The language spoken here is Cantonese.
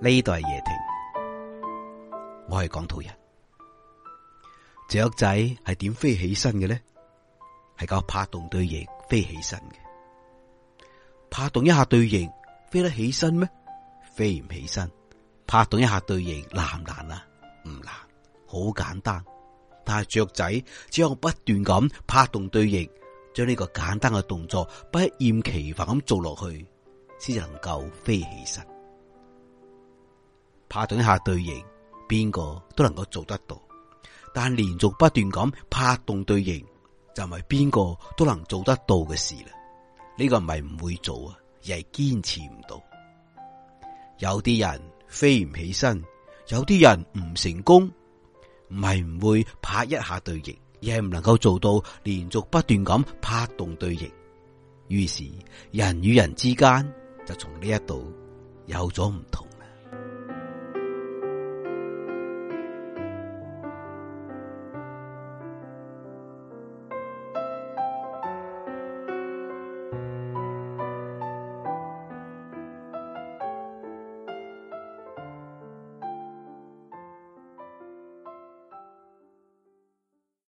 呢度係夜亭，我係港土人。雀仔係點飛起身嘅呢？係靠拍動對翼飛起身嘅。拍動一下對翼飛得起身咩？飛唔起身。拍動一下對翼難唔難啊？唔難，好簡單。但係雀仔只有不斷咁拍動對翼，將呢個簡單嘅動作不厭其煩咁做落去，先至能夠飛起身。拍動一下對翼，邊個都能夠做得到，但連續不斷咁拍動對翼就唔係邊個都能做得到嘅事啦。呢、這個唔係唔會做啊，而係堅持唔到。有啲人飛唔起身，有啲人唔成功，唔係唔會拍一下對翼，而係唔能夠做到連續不斷咁拍動對翼。於是人與人之間就從呢一度有咗唔同。